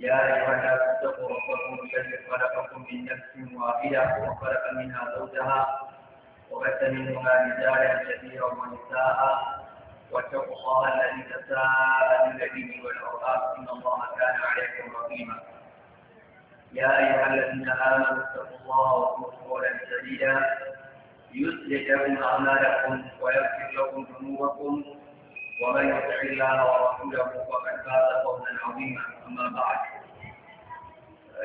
يا أيها الناس اتقوا ربكم الذي خلقكم من نفس واحدة وخلق منها زوجها وبث منهما رجالا كثيرا ونساء واتقوا الله الذي تساءلون به والأرحام إن الله كان عليكم رقيبا يا أيها الذين آمنوا اتقوا الله وقولوا قولا سديدا يصلح لكم أعمالكم ويغفر لكم ذنوبكم ومن يطع الله ورسوله فقد فاز فوزا عظيما أما بعد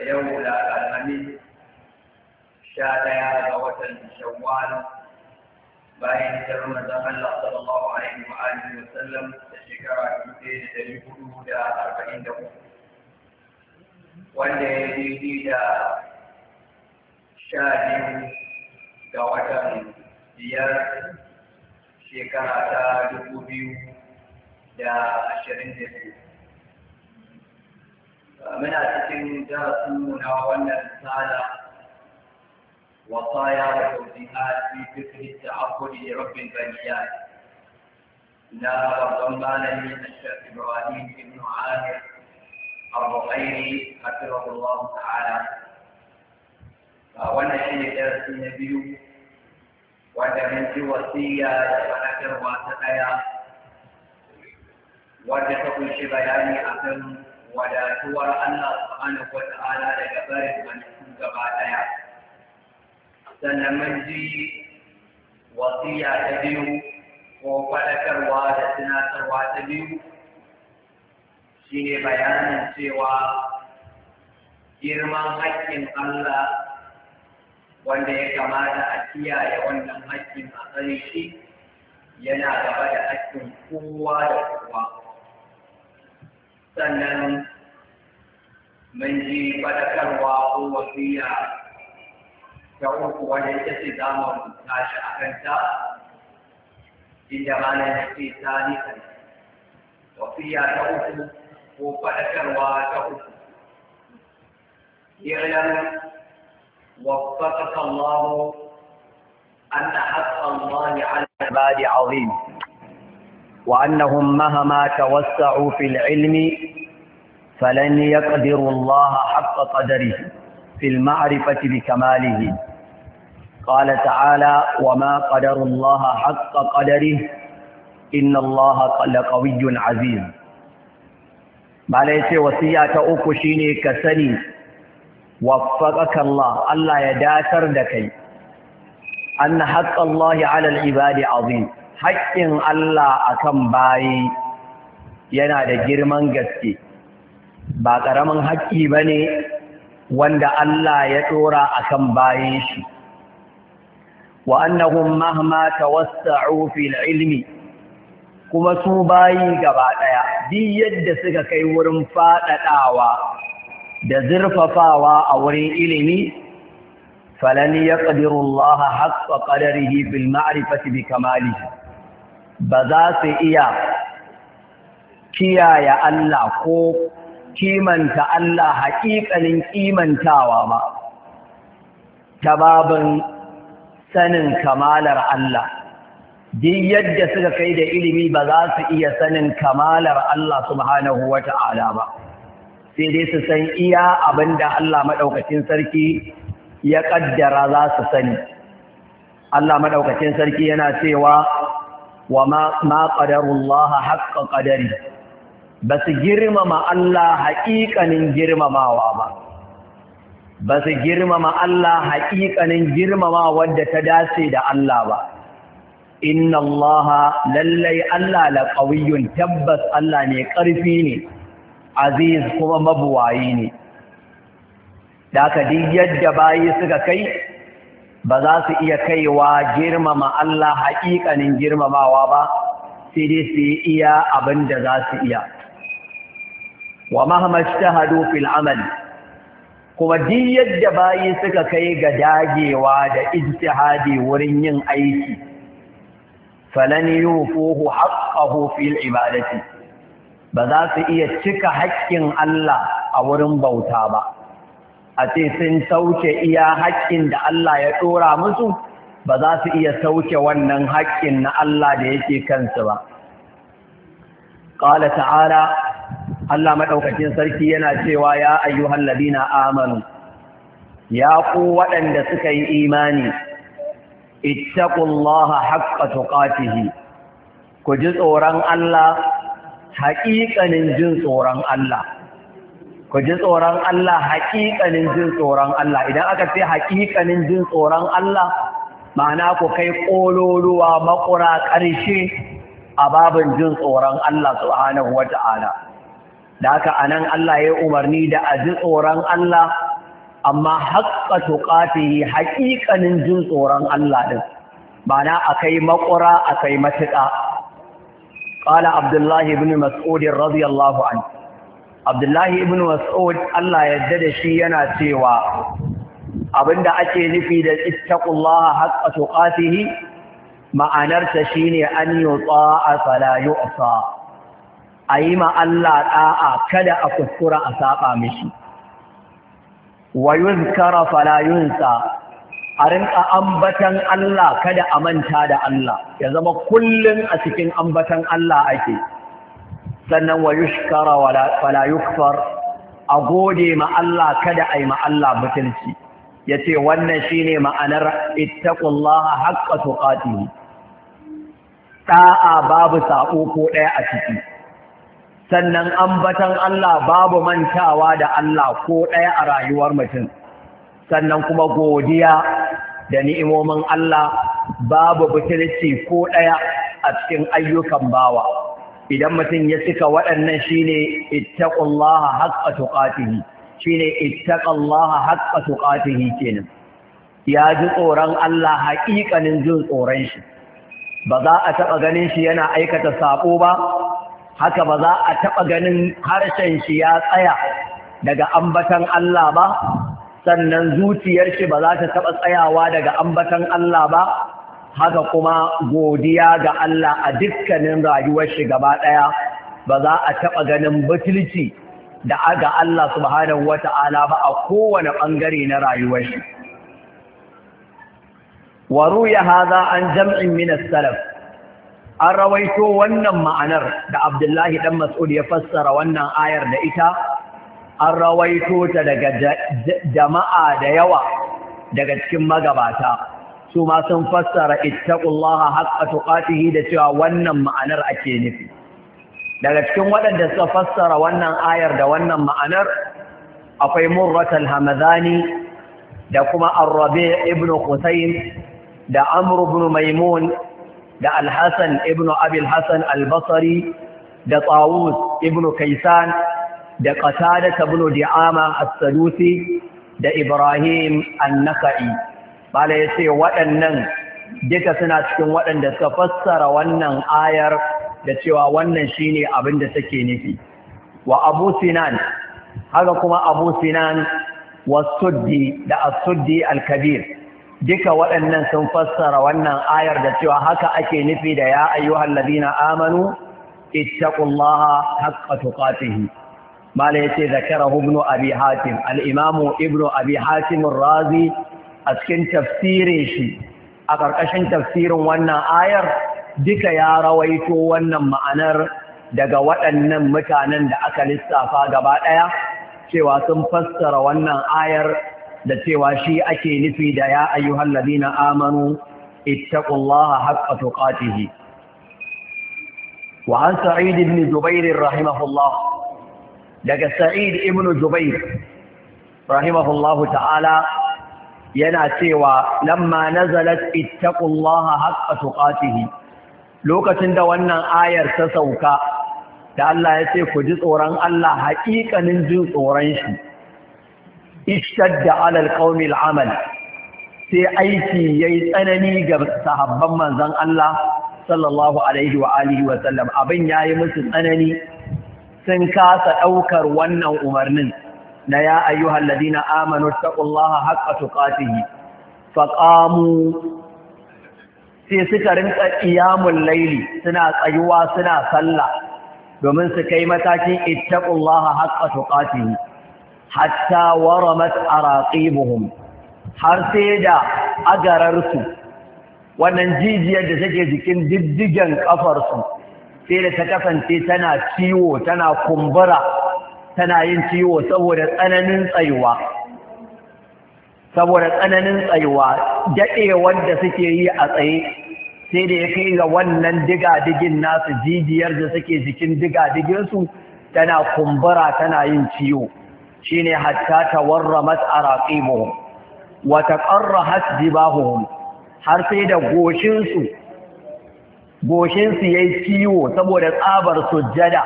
يوم الخميس شاد يا غوة شوال باين جرم الله صلى الله عليه وآله وسلم تشكرا كتير تريبه دا أربعين دقوة wanda ya yi da sha biyu ga watan biyar shekara ta dubu biyu da ashirin da biyu مناسك cikin وأن الرسالة وصايا وتوجيهات في فكر التعبد لرب البريات لا وضمان من الشيخ ابراهيم بن عامر الرقيري حفظه الله تعالى وأن شيء درس النبي وأن من وصيه وانا كرواتقيا وانا تقول شي بياني wadatuwar Allah subhanahu wa ta'ala daga barin halittu gaba ɗaya, sannan mun ji wasiya ta biyu ko faɗakarwa da tunatarwa ta biyu shine bayanin cewa girman haƙƙin Allah wanda ya kamata a kiyaye wannan haƙƙin a tsari shi yana gaba da haƙƙin kowa da kowa وسلم من جي بدك الواقع وفيا شعوك وليس سدام ومتاشا أكنتا إذا غانا نحكي ثالثا وفيا شعوك وبدك الواقع يعلم وفقك الله أن حق الله على العباد عظيم وأنهم مهما توسعوا في العلم فلن يقدروا الله حق قدره في المعرفة بكماله قال تعالى وما قدر الله حق قدره إن الله لقوي عزيز malai ce wasiya ta uku shine ka sani waffaqaka Allah Allah ya datar da kai anna haqqallahi 'ala al-ibadi 'azim haƙƙin Allah akan bayi yana da girman gaske ba ƙaramin haƙƙi ba ne wanda Allah ya ɗora akan bayan shi wa annahum mahma tawassa'u fil ilmi kuma su bayi gaba ɗaya duk yadda suka kai wurin faɗaɗawa da zurfafawa a wurin ilimi falan yaqdiru Allah haqqa qadarihi bil ma'rifati bi kamalihi ba za su iya kiyaye Allah ko kimanta Allah haƙiƙanin kimantawa ba ta babin sanin kamalar Allah duk yadda suka kai da ilimi ba za su iya sanin kamalar Allah subhanahu wa ta'ala ba sai dai su san iya abin da Allah maɗaukacin sarki ya ƙaddara za su sani Allah maɗaukacin sarki yana cewa wa ma haƙƙa ƙadari! qadari ba su girmama Allah haƙiƙanin girmamawa ba ba su girmama Allah haƙiƙanin girmama wadda ta dace da Allah ba inna Allaha! lallai Allah la qawiyyun tabbas Allah ne ƙarfi ne aziz kuma mabuwayi ne da ka duk yadda bayi suka kai ba za su iya kaiwa girmama Allah haƙiƙanin girmamawa ba sai dai su yi iya abin da za su iya wa mahmashtahadu fil amal kuma duk yadda bayi suka kai ga dagewa da ijtihadi wurin yin aiki yi yufuhu haqqahu fil ibadati ba za su iya cika haƙƙin Allah a wurin bauta ba a ce sun sauke iya haƙƙin da Allah ya ɗora musu ba za su iya sauke wannan haƙƙin na Allah da yake kansu ba. Ƙala ta'ala, Allah maɗaukacin sarki yana cewa ya hallabi na amanu, ya ku waɗanda suka yi imani, ittaƙullaha haƙƙa tuƙatihi ku ji tsoron Allah haƙiƙanin jin tsoron Allah. ku ji tsoron Allah haƙiƙanin jin tsoron Allah idan aka ce haƙiƙanin jin tsoron Allah ma'ana ku kai ƙololuwa makura ƙarshe a babin jin tsoron Allah subhanahu wata'ala da haka anan Allah ya umarni da a ji tsoron Allah amma haƙƙa tuƙatihi haƙiƙanin jin tsoron Allah din ma'ana akai makura akai matuƙa qala abdullahi ibn mas'ud radiyallahu anhu Abdullahi ibn Mas'ud Allah yadda da shi yana cewa abinda ake nufi da ittaqullaha haqqa tuqatihi ma'anarsa shine an yuta'a fala yu'sa ayi ma Allah da'a kada a kuskura a saba mishi wa yuzkara fala yunsa a rinka ambatan Allah kada a manta da Allah ya zama kullun a cikin ambatan Allah ake sannan wa yushkara wala yukfar a gode ma Allah kada ai ma Allah mutunci yace wannan shine ma'anar ittaqullaha haqqa tuqatihi da'a babu sako ko daya a ciki sannan ambatan Allah babu mantawa da Allah ko daya a rayuwar mutum sannan kuma godiya da ni'imomin Allah babu butulci ko daya a cikin ayyukan bawa idan mutum ya cika waɗannan shine ittaqullaha haqqa tuqatihi shine kenan ya ji tsoron Allah haƙiƙanin jin tsoron shi ba za a taɓa ganin shi yana aikata saɓo ba haka ba za a taɓa ganin harshen shi ya tsaya daga ambatan Allah ba sannan zuciyar shi ba za ta taɓa tsayawa daga ambatan Allah ba haka kuma godiya ga Allah a dukkanin rayuwar shi gaba ɗaya ba za a taɓa ganin butulci da ga Allah subhanahu wata'ala ba a kowane ɓangare na rayuwar shi. Waru ya haza an jam'in minas salaf, an rawaito wannan ma'anar da Abdullahi ɗan Mas'ud ya fassara wannan ayar da ita, an rawaito ta daga jama'a da yawa daga cikin magabata. su ma sun fassara ittaqullaha haqqa tuqatihi da cewa wannan ma'anar ake nufi daga cikin waɗanda suka fassara wannan ayar da wannan ma'anar akwai murratul hamadani da kuma ar-rabi' ibn husayn da amr ibn maimun da al-hasan ibn abi al-hasan al-basri da tawus ibn kaysan da qatada ibn di'ama as-sadusi da ibrahim an-nakhai bala ya ce waɗannan duka suna cikin waɗanda suka fassara wannan ayar da cewa wannan shine abin da take nufi wa abu sinan haka kuma abu sinan wasuddi da asuddi Alkabir duka waɗannan sun fassara wannan ayar da cewa haka ake nufi da ya ayyuhal ladina amanu haƙƙa haqqa tuqatihi mala yace zakarahu ibn abi hatim al-imamu ibn abi hatim razi a cikin tafsirin shi a ƙarƙashin tafsirin wannan ayar duka ya rawaito wannan ma'anar daga waɗannan mutanen da aka lissafa gaba ɗaya cewa sun fassara wannan ayar da cewa shi ake nufi da ya ayyuhal ladina amanu ittaqullaha haqqa tuqatihi wa an sa'id ibn zubair rahimahullah daga sa'id ibn zubair rahimahullahu ta'ala yana cewa lamma nazalat ittaqullaha haqqa tuqatihi lokacin da wannan ayar ta sauka da Allah ya ce ku ji tsoron Allah haƙiƙanin jin tsoron shi ishtadda alal qaumil amal sai aiki yayi tsanani ga sahabban manzon Allah sallallahu alaihi wa alihi wa sallam abin yayi musu tsanani sun kasa daukar wannan umarnin na ya ayyuhal ladina amanu taqullaha haqqa tuqatihi faqamu sai suka rinka qiyamul laili suna tsayuwa suna sallah domin su kai matakin ittaqullaha haqqa tuqatihi hatta waramat araqibuhum har sai da agararsu wannan jijiyar da take jikin diddigen kafarsu sai da ta kasance tana ciwo tana kumbura tana yin ciwo saboda tsananin tsayuwa saboda tsananin tsayuwa daɗewar da suke yi a tsaye sai da ya kai ga wannan digadigin nasu jijiyar da suke jikin digadiginsu tana kumbura tana yin ciwo shine hatta tawarramat araqibuhum wa taqarrahat jibahuhum har sai da goshinsu goshinsu yayi ciwo saboda tsabar sujjada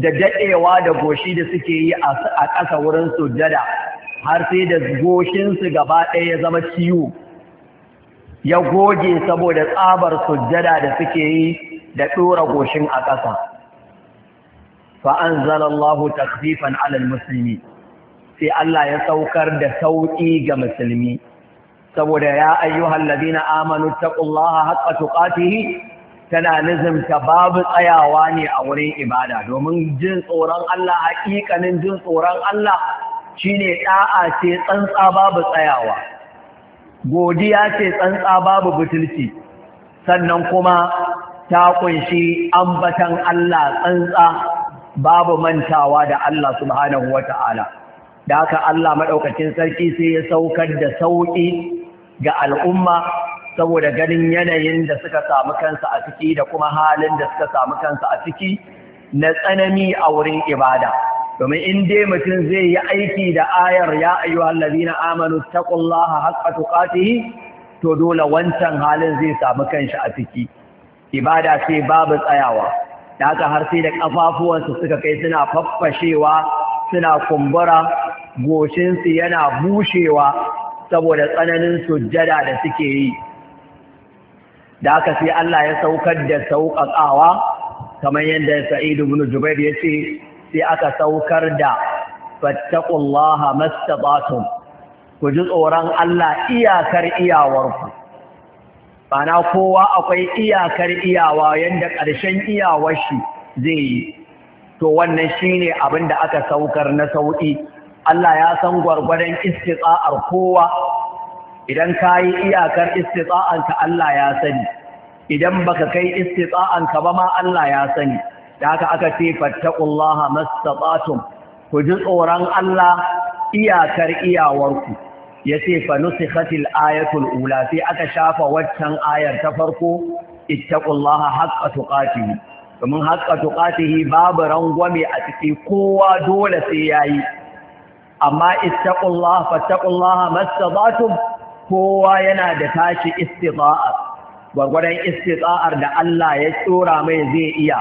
da daɗewa da goshi da suke yi a ƙasa wurin sujjada har sai da goshinsu gaba ɗaya ya zama ciwo ya goge saboda tsabar sujjada da suke yi da ɗora goshin a ƙasa fa'an zalallahu takfifan alal musulmi sai Allah ya saukar da sauƙi ga musulmi saboda ya ayyuhallazina amanu taƙullaha haqqa tuqatihi tana ta babu tsayawa ne a wurin ibada domin jin tsoron Allah haƙiƙanin jin tsoron Allah shine da'a ce tsantsa babu tsayawa godiya ce tsantsa babu butulci sannan kuma ta kunshi ambatan Allah tsantsa babu mantawa da Allah subhanahu wata'ala da haka Allah madaukakin sarki sai ya saukar da sauki ga al'umma saboda ganin yanayin da suka samu kansa a ciki da kuma halin da suka samu kansa a ciki na tsanani a wurin ibada domin in dai mutum zai yi aiki da ayar ya ayyuhal ladina amanu taqullaha haqqa tuqatihi to dole wancan halin zai samu kanshi a ciki ibada sai babu tsayawa da haka har sai da kafafuwansu suka kai suna faffashewa suna kumbura goshinsu yana bushewa saboda tsananin sujjada da suke yi da aka sai Allah ya saukar da sauƙaƙawa kamar yadda Sa'idu bin Jubair ya ce sai aka saukar da fattaqullaha mastata'tum ku ji tsoron Allah iyakar iyawarku bana kowa akwai iyakar iyawa yadda ƙarshen iyawar shi zai yi to wannan shine abin da aka saukar na sauƙi Allah ya san gwargwadon istiqa'ar kowa idan ka yi iyakar istitsa'anka Allah ya sani idan baka kai istitsa'anka ba ma Allah ya sani da aka ce fattaqullaha mastata'tum ku ji tsoron Allah iyakar iyawarku ce fa nusikhatil ayatul ula sai aka shafa waccan ayar ta farko ittaqullaha haqqa tuqatih domin haqqa tuqatih babu rangwame a ciki kowa dole sai yayi amma ittaqullaha fattaqullaha mastata'tum kowa yana da tashi istita'ar gwargwadon istita'ar da Allah ya tsora mai zai iya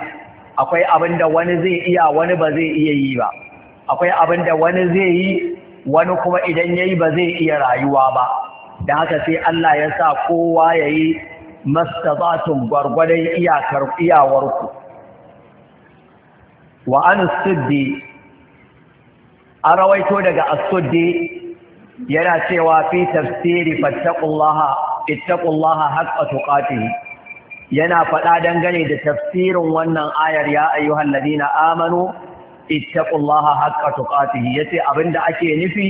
akwai abin da wani zai iya wani ba zai iya yi ba akwai abin da wani zai yi wani kuma idan ya yi ba zai iya rayuwa ba da haka sai Allah ya sa kowa ya yi mastazatun gwargwadon iyakar iyawarku wa an suddi a rawaito daga as-suddi yana cewa fi tafsiri fattaqullaha ittaqullaha haqqa tuqatihi yana faɗa dangane da tafsirin wannan ayar ya ayyuhal ladina amanu ittaqullaha haqqa tuqatihi yace abinda ake nufi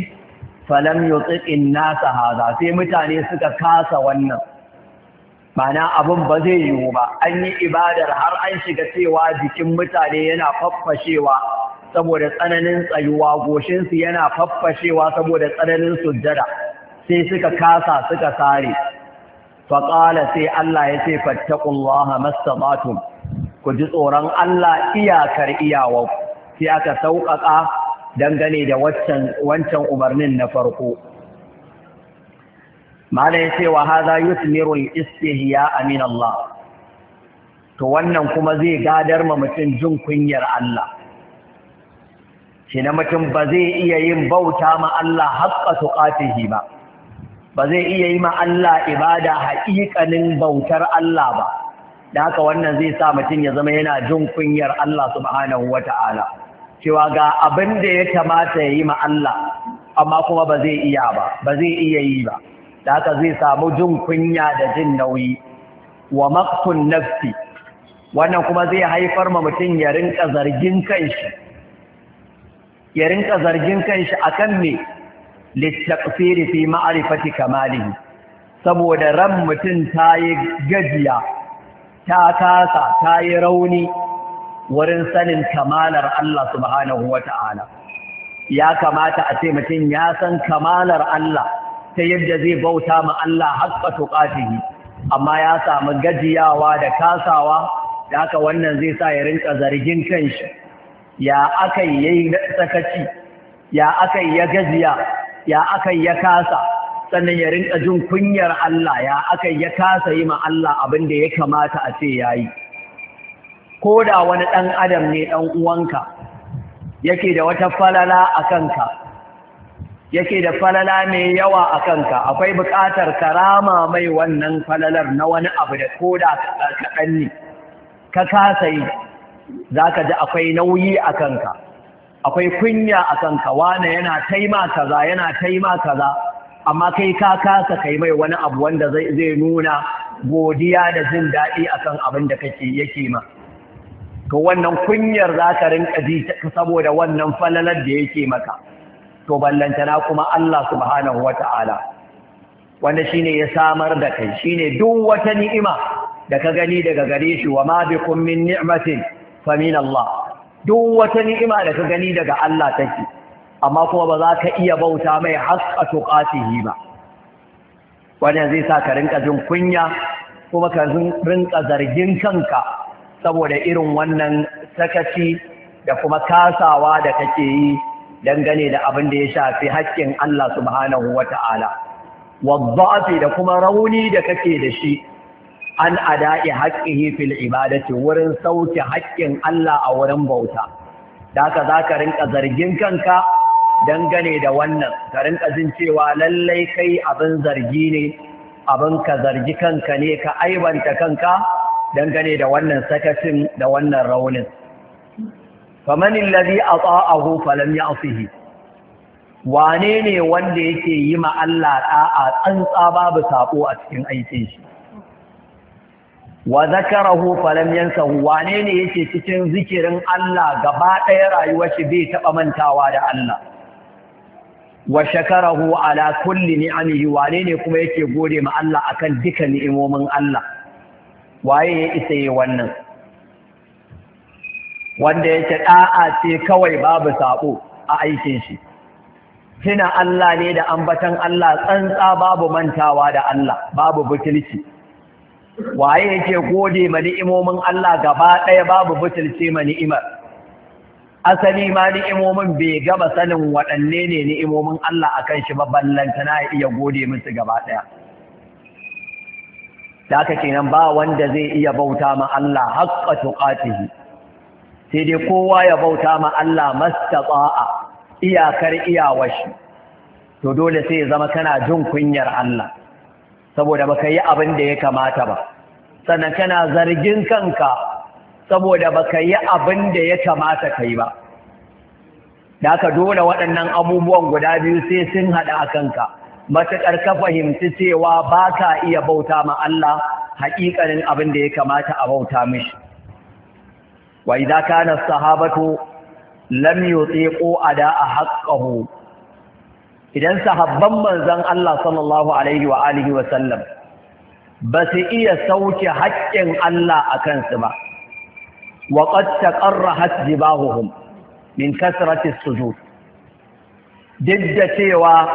falam yutiqin nasa hada sai mutane suka kasa wannan mana abun ba zai yiwu ba an yi ibadar har an shiga cewa jikin mutane yana faffashewa saboda tsananin tsayuwa goshinsu yana faffashewa saboda tsananin sujjada sai suka kasa suka sare faƙala sai Allah ya ce fattakullaha mastabatum ku ji tsoron Allah iyakar iyawa sai aka sauƙaƙa dangane da wancan umarnin na farko mala ya ce wa haza yusmiru al-istihya min Allah to wannan kuma zai gadar ma mutum jin kunyar Allah shi na mutum ba zai iya yin bauta ma Allah haƙƙa tuƙatihi ba ba zai iya yi ma Allah ibada haƙiƙanin bautar Allah ba da haka wannan zai sa mutum ya zama yana jin kunyar Allah subhanahu wata'ala cewa ga abin da ya kamata ya yi ma Allah amma kuma ba zai iya ba ba zai iya yi ba da haka zai samu jin kunya da jin nauyi wa maqtun nafsi wannan kuma zai haifar ma mutum ya rinka zargin kanshi ya rinka zargin kanshi akan me littaqsiri fi ma'rifati kamalihi saboda ran mutum ta yi gajiya ta kasa ta yi rauni wurin sanin kamalar Allah subhanahu ya kamata a ce mutum ya san kamalar Allah ta yadda zai bauta ma Allah haƙƙa tuƙatihi amma ya samu gajiyawa da kasawa da haka wannan zai sa ya rinka zargin kanshi ya aka yi sakaci ya aka ya gaziya ya aka ya kasa sannan ya rinka jin kunyar Allah ya aka ya kasa yi ma Allah abin da ya kamata a ce yayi ko da wani ɗan adam ne ɗan uwanka yake da wata falala a kanka yake da falala mai yawa a kanka akwai buƙatar karama mai wannan falalar na wani abu da koda kaɗan ne ka kasa yi za ka ji akwai nauyi a kanka akwai kunya a kanka wane yana taima kaza yana taima kaza amma kai ka kasa kai mai wani abu wanda zai nuna godiya da jin daɗi akan abin da kake yake ma to wannan kunyar za ka rinka ji saboda wannan falalar da yake maka to ballantana kuma Allah subhanahu wata'ala wanda shine ya samar da kai shine duk wata ni'ima da ka gani daga gare shi wa ma bikum min ni'matin famin Allah duk wata ni'ima da ka gani daga Allah take amma kuma ba za ka iya bauta mai haska tuƙasihi ba wannan zai sa ka rinka jin kunya kuma ka rinka zargin kanka saboda irin wannan sakaci da kuma kasawa da kake yi dangane da abin da ya shafi haƙƙin Allah subhanahu wata'ala waddafi da kuma rauni da kake da shi an ada'i haƙƙihi fil ibadati wurin sauke haƙƙin Allah a wurin bauta da haka za ka rinka zargin kanka dangane da wannan ka rinka jin cewa lallai kai abin zargi ne abin ka zargi kanka ne ka aibanta kanka dangane da wannan sakacin da wannan raunin faman allazi ata'ahu falam ya'sihi wane ne wanda yake yi ma Allah da'a tsantsa babu sako a cikin aikin shi wa zakarahu falam yansahu wane ne yake cikin zikirin Allah gaba ɗaya rayuwar shi bai taɓa mantawa da Allah wa shakarahu ala kulli ni'amihi wane ne kuma yake gode ma Allah akan duka ni'imomin Allah waye ya isa yi wannan wanda yake da'a ce kawai babu sabo a aikin shi tuna Allah ne da ambatan Allah tsantsa babu mantawa da Allah babu butulci waye yake gode ma ni'imomin Allah gaba ɗaya babu butulce ma ni'imar asali ma ni'imomin bai gaba sanin waɗanne ne ni'imomin Allah akan shi ba ballantana ya iya gode musu gaba ɗaya da aka kenan ba wanda zai iya bauta ma Allah haƙƙa tuqatihi sai dai kowa ya bauta ma Allah mastata'a iyakar iyawashi to dole sai ya zama kana jin kunyar Allah saboda baka yi abin da ya kamata ba sana kana zargin kanka saboda baka yi abin da ya kamata ka ba da aka dole waɗannan abubuwan guda biyu sai sun haɗa a kanka matuƙar ka fahimci cewa ba ka iya bauta ma Allah haƙiƙanin abin da ya kamata a bauta mishi wa idza kana sahabatu lam yutiqu ada'a haqqahu idan sahabban manzon Allah sallallahu alaihi wa alihi wa sallam ba su iya sauke haƙƙin Allah a kansu ba wa haƙƙi ba jibahuhum min su zo. duk da cewa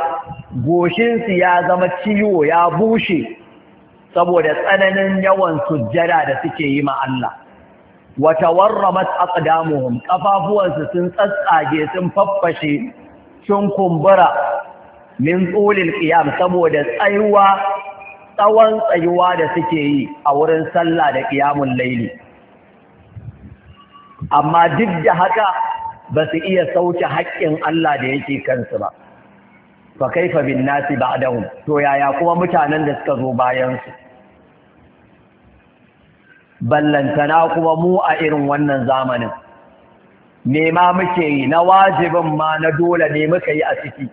goshinsu ya zama ciwo ya bushe saboda tsananin yawan sujjada da suke yi ma Allah wa tawarramat damuhun, ƙafafuwansu sun tsatsage sun faffashe sun kumbura min tsulil ƙiyam saboda tsayuwa tsawon tsayuwa da suke yi a wurin sallah da ƙiyamun laili amma duk da haka ba su iya sauke haƙƙin Allah da yake kansu ba fa kaifa bin nasi ba'dahum to yaya kuma mutanen da suka zo bayansu? ballantana kuma mu a irin wannan zamanin Nema muke yi na wajibin ma na dole ne muka yi a ciki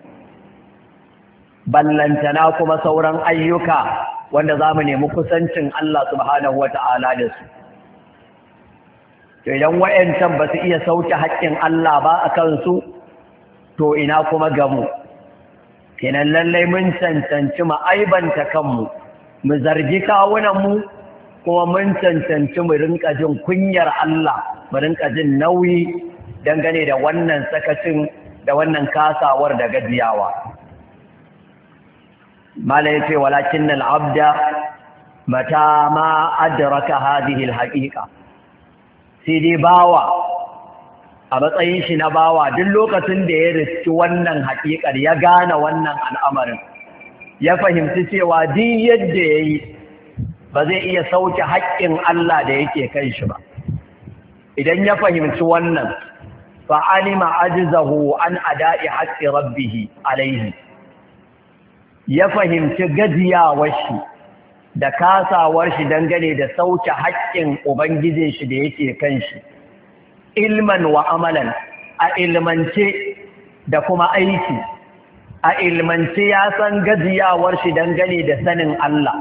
ballantana kuma sauran ayyuka wanda za mu nemi kusancin Allah subhanahu wa ta'ala da su. To idan wa'yancan ba su iya sauke haƙƙin Allah ba a kansu, to ina kuma gamu. Kenan lallai mun cancanci ma'aibanta kanmu, mu zargi kawunanmu, kuma mun cancanci mu rinka jin kunyar Allah, mu rinka jin nauyi dangane da wannan sakacin da wannan kasawar da gajiyawa. mala yace walakin al-abda mata ma adraka hadhihi al-haqiqa sai dai bawa a matsayin shi na bawa duk lokacin da ya riski wannan haƙiƙar ya gane wannan al'amarin ya fahimci cewa duk yadda ya yi ba zai iya sauke haƙƙin Allah da yake kan shi ba idan ya fahimci wannan fa'alima ma'ajizahu an ada'i haƙƙi rabbihi alaihi ya fahimci gajiyawar shi da kasawar shi dangane da sauke haƙƙin ubangijin shi da yake kan shi ilman wa amalan a ilmance da kuma aiki a ilmance ya san gajiyawar shi dangane da sanin Allah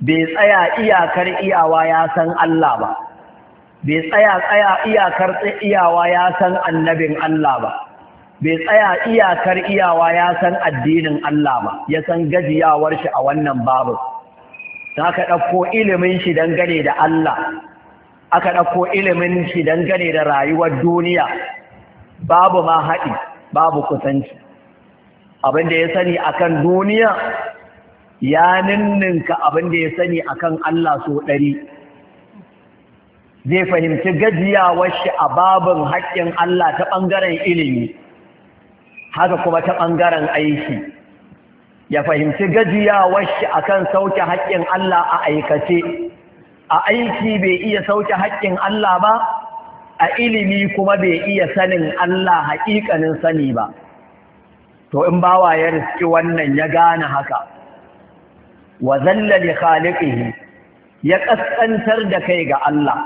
bai tsaya iyakar iyawa ya san Allah ba bai tsaya tsaya iyakar iyawa ya san annabin Allah ba bai tsaya iyakar iyawa ya san addinin Allah ba ya san gajiyawar shi a wannan babu ta ka ɗauko ilimin shi dangane da Allah aka ɗauko ilimin shi dangane da rayuwar duniya babu ma haɗi babu kusanci abin da ya sani akan duniya ya ninninka abin da ya sani akan Allah so ɗari zai fahimci gajiyawar shi a babin haƙƙin Allah ta ɓangaren ilimi haka kuma ta ɓangaren aiki ya fahimci washe a kan sauke haƙƙin Allah a aikace a aiki bai iya sauke haƙƙin Allah ba a ilimi kuma bai iya sanin Allah haƙiƙanin sani ba to in bawa ya riski wannan ya gane haka wa zalla li khaliqihi ya kaskantar da kai ga Allah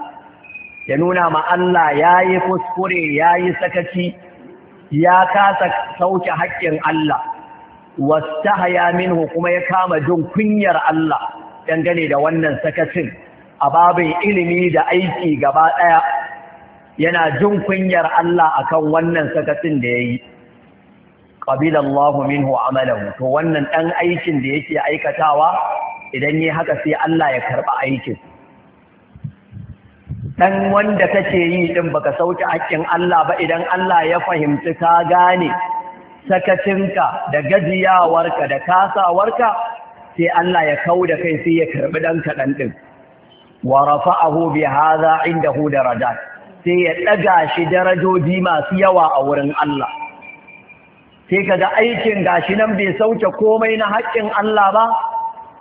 ya nuna ma Allah yayi kuskure yayi sakaci ya kasa sauke haƙƙin Allah wastahaya minhu kuma ya kama jin kunyar Allah dangane da wannan sakacin a babin ilimi da aiki gaba ɗaya yana jin kunyar Allah akan wannan sakacin da yayi qabila Allahu minhu amalahu to wannan ɗan aikin da yake aikatawa idan yi haka sai Allah ya karɓi aikin dan wanda kake yi din baka sauke hakkin Allah ba idan Allah ya fahimci ka gane sakacinka da gajiyawarka da kasawarka sai Allah ya kau da kai sai ya karbi dan kaɗan din wa rafa'ahu bi hadha indahu darajat sai ya ɗaga shi darajoji masu yawa a wurin Allah sai kaga aikin gashi nan bai sauke komai na haƙƙin Allah ba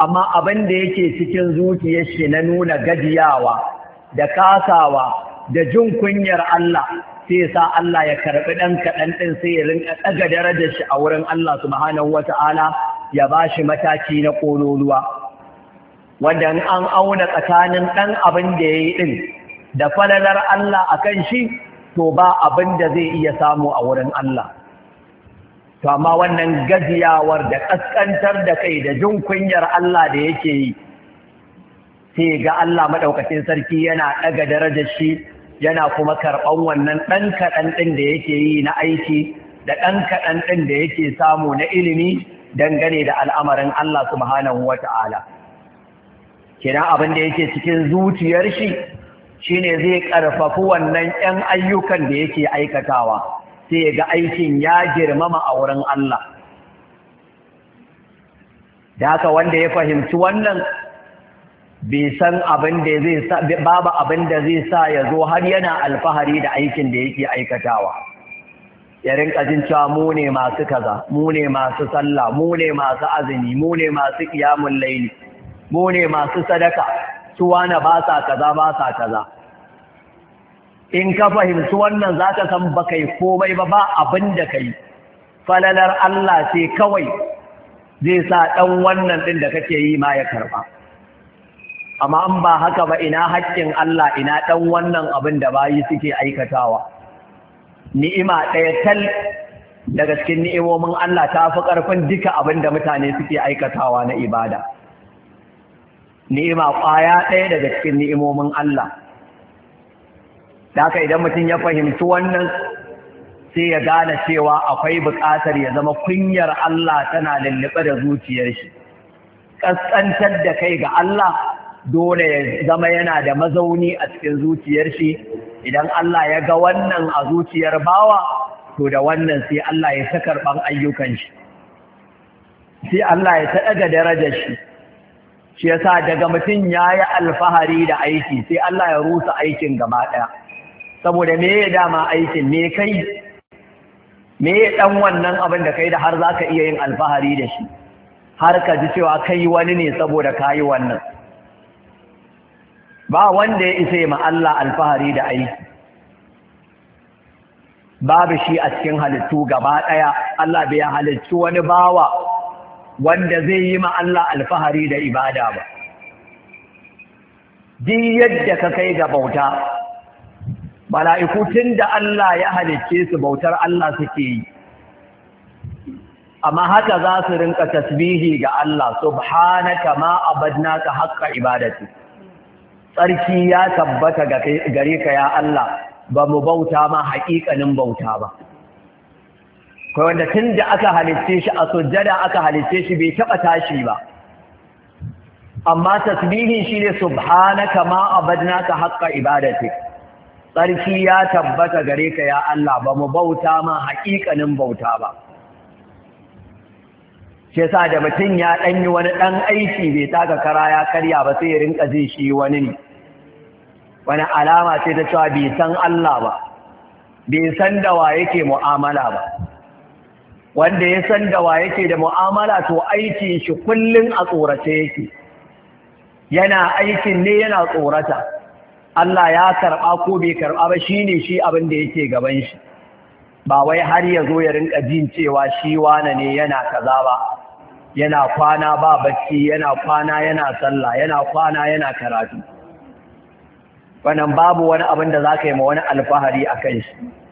amma abin da yake cikin zuciyar shi na nuna gajiyawa da kasawa da jin kunyar Allah sai sa Allah ya karɓi ɗan kaɗan ɗin sai ya rinka ɗaga darajar shi a wurin Allah subhanahu wa ta'ala ya ba shi mataki na ƙololuwa. Wanda an auna tsakanin ɗan abin da ya yi ɗin da falalar Allah a kan shi to ba abin da zai iya samu a wurin Allah. To amma wannan gajiyawar da ƙasƙantar da kai da jin kunyar Allah da yake yi sai ga Allah maɗaukacin sarki yana ɗaga darajar shi yana kuma karɓan wannan ɗan kaɗan ɗin da yake yi na aiki da ɗan kaɗan ɗin da yake samu na ilimi dangane da al'amarin Allah subhanahu wa ta'ala. Kina abin da yake cikin zuciyar shi shi ne zai ƙarfafi wannan ‘yan ayyukan da yake aikatawa, sai ga aikin ya girmama a wurin Allah. Da haka wanda ya fahimci wannan bai san abin da zai sa babu abin da zai sa ya zo har yana alfahari da aikin da yake aikatawa ya rinka jin cewa mu ne masu kaza mu ne masu sallah mu ne masu azumi mu ne masu qiyamul layli mu ne masu sadaka su wani ba sa kaza ba sa kaza in ka fahimci wannan zaka san ba kai komai ba ba abin da kai falalar Allah ce kawai zai sa ɗan wannan ɗin da kake yi ma ya karɓa. amma an ba haka ba ina haƙƙin Allah ina ɗan wannan abin da bayi suke aikatawa ni'ima ɗaya tal daga cikin ni'imomin Allah ta fi ƙarfin duka abin da mutane suke aikatawa na ibada ni'ima ƙwaya ɗaya daga cikin ni'imomin Allah da haka idan mutum ya fahimci wannan sai ya gane cewa akwai buƙatar ya zama kunyar Allah tana lullube da zuciyar shi ƙasƙantar da kai ga Allah dole ya zama yana da mazauni a cikin zuciyar shi idan Allah ya ga wannan a zuciyar bawa to da wannan sai Allah ya ta karɓan ayyukan shi sai Allah ya taɗa darajar shi shi yasa daga mutum yayi alfahari da aiki sai Allah ya rusa aikin gaba ɗaya saboda me ya dama aikin me kai me ya ɗan wannan abin da kai da har zaka iya yin alfahari da shi har ka ji cewa kai wani ne saboda ka wannan ba wanda ya isa ma Allah alfahari da aiki babu shi a cikin halittu gaba ɗaya Allah bai ya halicci wani bawa wanda zai yi ma Allah alfahari da ibada ba duk yadda ka kai ga bauta mala'iku tun da Allah ya halicce su bautar Allah suke yi amma haka za su rinka tasbihi ga Allah subhanaka ma ka haqqa ibadati tsarki ya tabbata gare ka ya Allah ba mu bauta ma haƙiƙanin bauta ba kai wanda tun da aka halitce shi a sujjada aka halitce shi bai taɓa tashi ba amma tasbihin shi ne subhanaka ma abadnaka haqqa ibadatik tsarki ya tabbata gare ka ya Allah ba mu bauta ma haƙiƙanin bauta ba shi sa da mutum ya ɗanyi wani ɗan aiki bai taka kara ya karya ba sai ya rinka zai shi wani ne wani alama ce ta cewa bai san Allah ba bai san da wa yake mu'amala ba wanda ya san da wa yake da mu'amala to aikin shi kullum a tsorace yake yana aikin ne yana tsorata Allah ya karɓa ko bai karɓa ba shine shi abin da yake gaban shi ba wai har ya zo ya rinka jin cewa shi wane ne yana kaza ba yana kwana ba bacci yana kwana yana sallah yana kwana yana karatu wannan babu wani abin da za ka yi ma wani alfahari a kai. shi